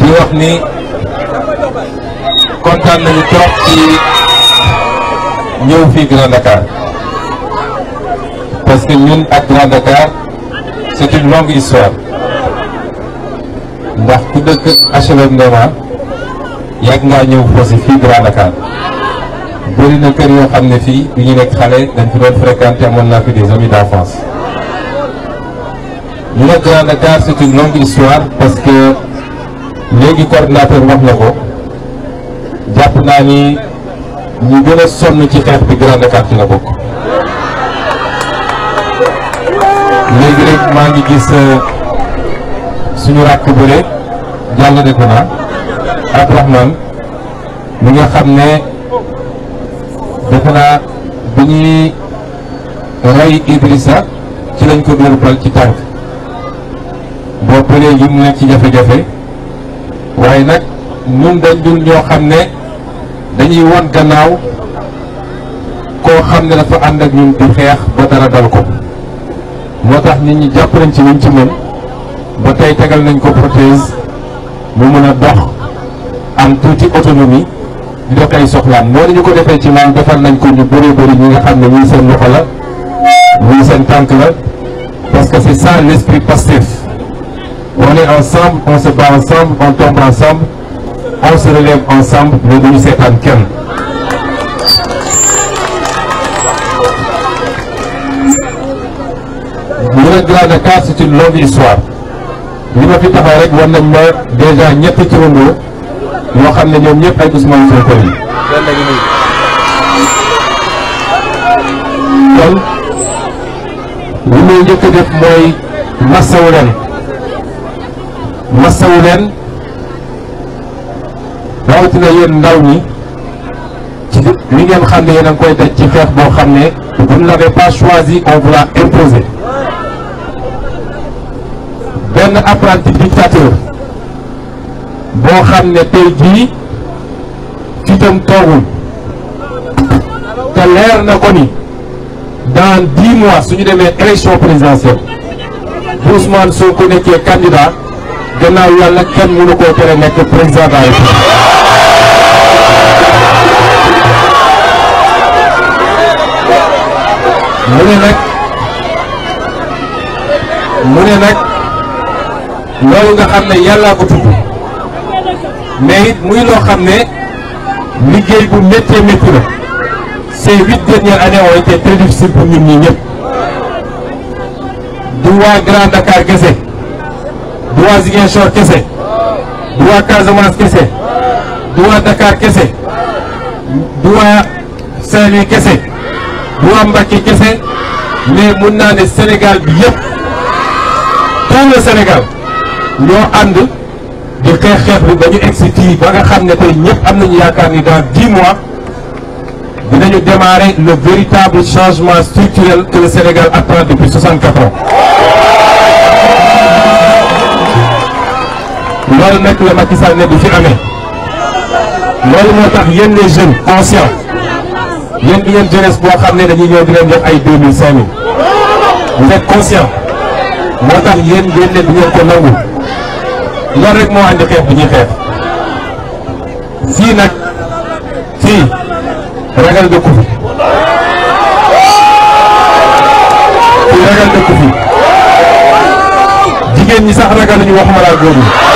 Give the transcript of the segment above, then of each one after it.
di wax ni kontaan nañu trop ci ñëw fii Grand Dakar parce que ñun ak Grand Dakar c'est une longue histoire ndax ku dëkk HLM Ndema yàgg ngaa ñëw foosi fii Grand Dakar bëri na kër yoo xam ne fii bi ñu nekk xale dañ fi doon fréquenté amoon naa fi des amis d'enfance lu la Grand Dakar c'est une longue histoire parce que léegi coordinateur wax na ko jàpp naa ni ñu gën a sonn ci xeex bi Grand Dakar ci la bokk léegi rek maa ngi gis euh, suñu rakk bëre jàll de ko naa Abdourahmane mi nga xam ne defe bi ñuy rey Idrissa ci lañ ko dóor bal ci tànk ba léegi mu nekk ci jafe-jafe waaye nag ñun dañ dul ñoo xam ne dañuy won gannaaw koo xam ne dafa ànd ak ñun di xeex ba dara dal ko moo tax nit ñi jàpp nañ ci luñ ci mën ba tey tegal nañ ko prothèse mu mën a dox am tuuti autonomie di def ay soxlaam noonu ñu ko defee ci maam defar nañ ko ñu bëree bëri ñi nga xam ne ñii seen loxo la ñii seen tànk la parce que c'est ça l'esprit Pastef on est ensemble on se bat ensemble on tombe ensemble on se relève ensemble mais duñu seetaan kenn. le Grand Dakar c'est une longue histoire li ma fi taxaw rek war ma déjà ñetti turandoo yoo xam ne ñoom ñëpp ay Ousmane Sonko yi. kon li may njëkk a def mooy masawu leen. masawu leen rawatina yéen ndaw ñi ci li ngeen xam ne yéen koy daj ci xeex boo xam ne vous ne l'avez pas choisi on imposé benn apprenti dictateur boo xam ne tey jii fitam toogul te leer na ko ni dans dix mois su ñu demee élection présidentielle Ousmane Sonko nekkee candidat gannaaw yàlla kenn mënu koo tere nekk président mu ne nag mu ne nag loolu nga xam ne yàllaa ko tudd mais it muy loo xam ne liggéey bu méttee métti la ces huit dernières années ont été très difficiles pour ñun ñii du waa Grand Dakar gese du waa Ziguinchor kese du waa kese du waa kese du waa kese du waa kese mais mun naa ne Sénégal bi yëpp tout le Sénégal ñoo ànd di xeex xeex bi ba ñu egsi fii ba nga xam ne tey ñëpp am nañu yaakaar ni dans dix mois dinañu démarrer le véritable changement structurel que le Sénégal attend depuis 64 loolu nekk la Macky Sall ne du fi amee loolu moo tax yéen les jeunes conscients yéen di ngeen jeunesse boo xam ne dañuy ñëw di leen jox ay 2000 5000 vous êtes moo tax yéen yéen ne du ko nangu loolu rek moo andi xeex bi ñuy xeex fii nag fii ragal dëkku fi fii ragal dëkku fi jigéen ñi sax ragal ñu waxuma laa góor ñi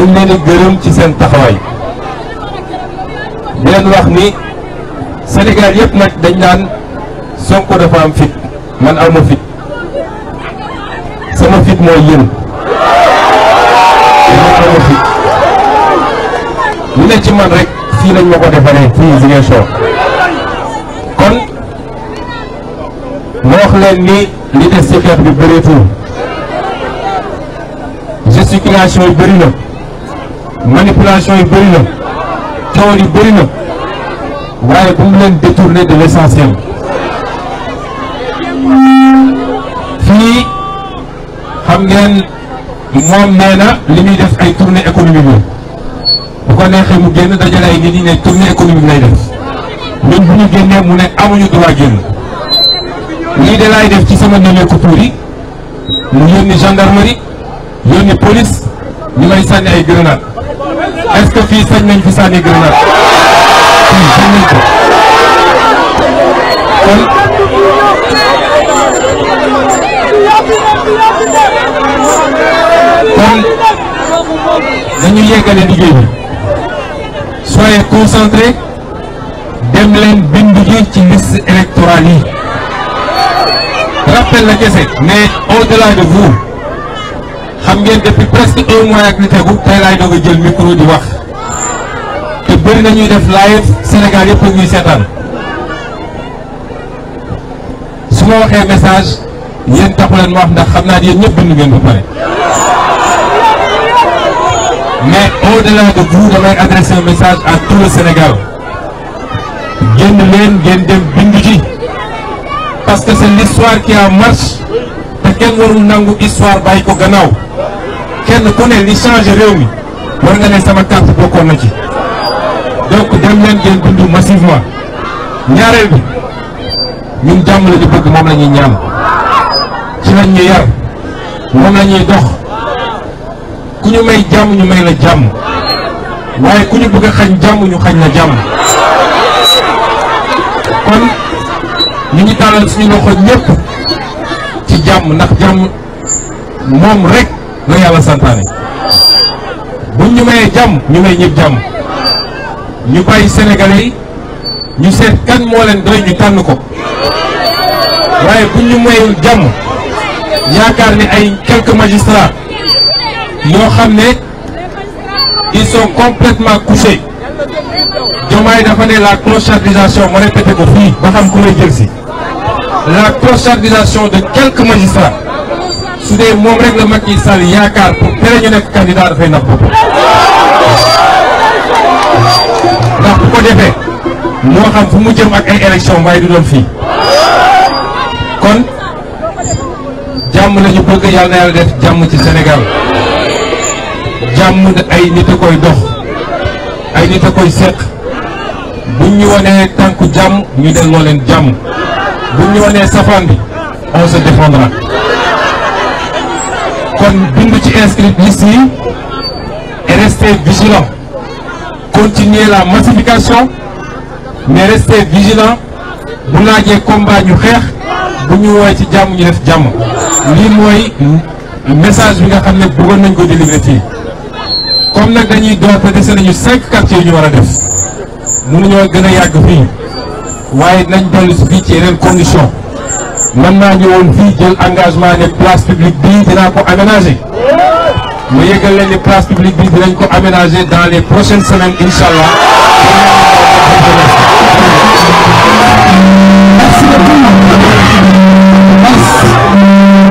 ñu leen gërëm ci seen taxawaay di leen wax ni Sénégal yëpp nag dañ naan Sonko dafa am fit man aw fit sama fit mooy yéen man aw ma fit lu ne ci man rek fii lañ ma ko defaree fii Ziguinchor kon ma wax leen ni li des ci xeex bi bëreetul gesticulation yi bëri na manipulation yi bëri na coow yi bëri na waaye bu mu leen détourner de l'essentiel fii xam ngeen moom nee na li muy def ay tournée économique la bu ko neexee mu génn dajale ay nit ñi ne tournée économique lay def ñun bu ñu génnee mu ne amuñu droit génn lii de def ci sama nemmeeku tuur yi mu yónni gendarmerie yónni police ñu may sànni ay grenade est-ce que fii fi sànni grenade fii sañ nañ ko kon bi soyez concentrés dem leen ci liste électorale yi rappel la kese mais au-delà de vous xam ngeen depuis presque un mois ak li tegu tey laay doog jël micro di wax te bëri na ñuy def live Sénégal yëpp ak ñuy seetaan su ma waxee message yéen taxu ma wax ndax xam naa ne yéen ñëpp bind ngeen ba pare. mais au-delà damay adresser message à tout Sénégal génn leen ngeen dem bind ji parce que c'est l'histoire qui en marche te kenn warul nangu histoire bàyyi ko gannaaw. kenn ku ne li changé réew mi war nga ne sama carte bokkoon na ci donc dem leen ngeen dund massivement ñaareel bi ñun jàmm la ñu bëgg moom la ñuy ñaan ci lañ yar moom la dox ku ñu may jàmm ñu may la jàmm waaye ku ñu bëgg xañ jàmm ñu xañ la jàmm kon ñu ngi tàllal suñu loxo ñëpp ci jàmm ndax jàmm moom rek. la yàlla santaane buñ ñu mayee jàmm ñu may ñëpp jàmm ñu bàyyi sénégalais yi ñu seet kan moo leen doy ñu tànn ko waaye buñ ñu mayul jàmm yaakaar ni ay quelques magistrats yoo xam ne il sont complètement couchés Diomaye dafa ne la clochardisation ma répété ko fii ba xam ku may jël la clochardisation de quelques magistrats su dee moom rek la Macky Sall yaakaar pour tere ñu nekk candidat dafay napp ndax bu ko defee moo xam fu mu jëm ak ay élection waaye du doon fii kon jàmm la ñu bëgg yàlla na yàlla def jàmm ci senegal jàmm ay nit a koy dox ay nit a koy seq buñ ñu wanee tànku jàmm ñu delloo leen jàmm buñ ñu wanee safaan bi on se kon bindu ci inscrit liste yi et restez vigilant la massification mais restez vigilant bu laajee combat ñu xeex bu ñu woowee ci jàmm ñu def jàmm lii mooy message bi nga xam ne bëggoon nañ ko délivrer fii comme nag dañuy door te dese nañu cinq quartiers yu ñu war a def mënuñoo gën a yàgg fii waaye nañ dolli fii ci yeneen condition man maa ñëwoon fii jël engagement ne place publique bi dinaa ko aménager mu yëgal ne place publique bi dinañ ko aménager dans les prochaines semaines incha allah.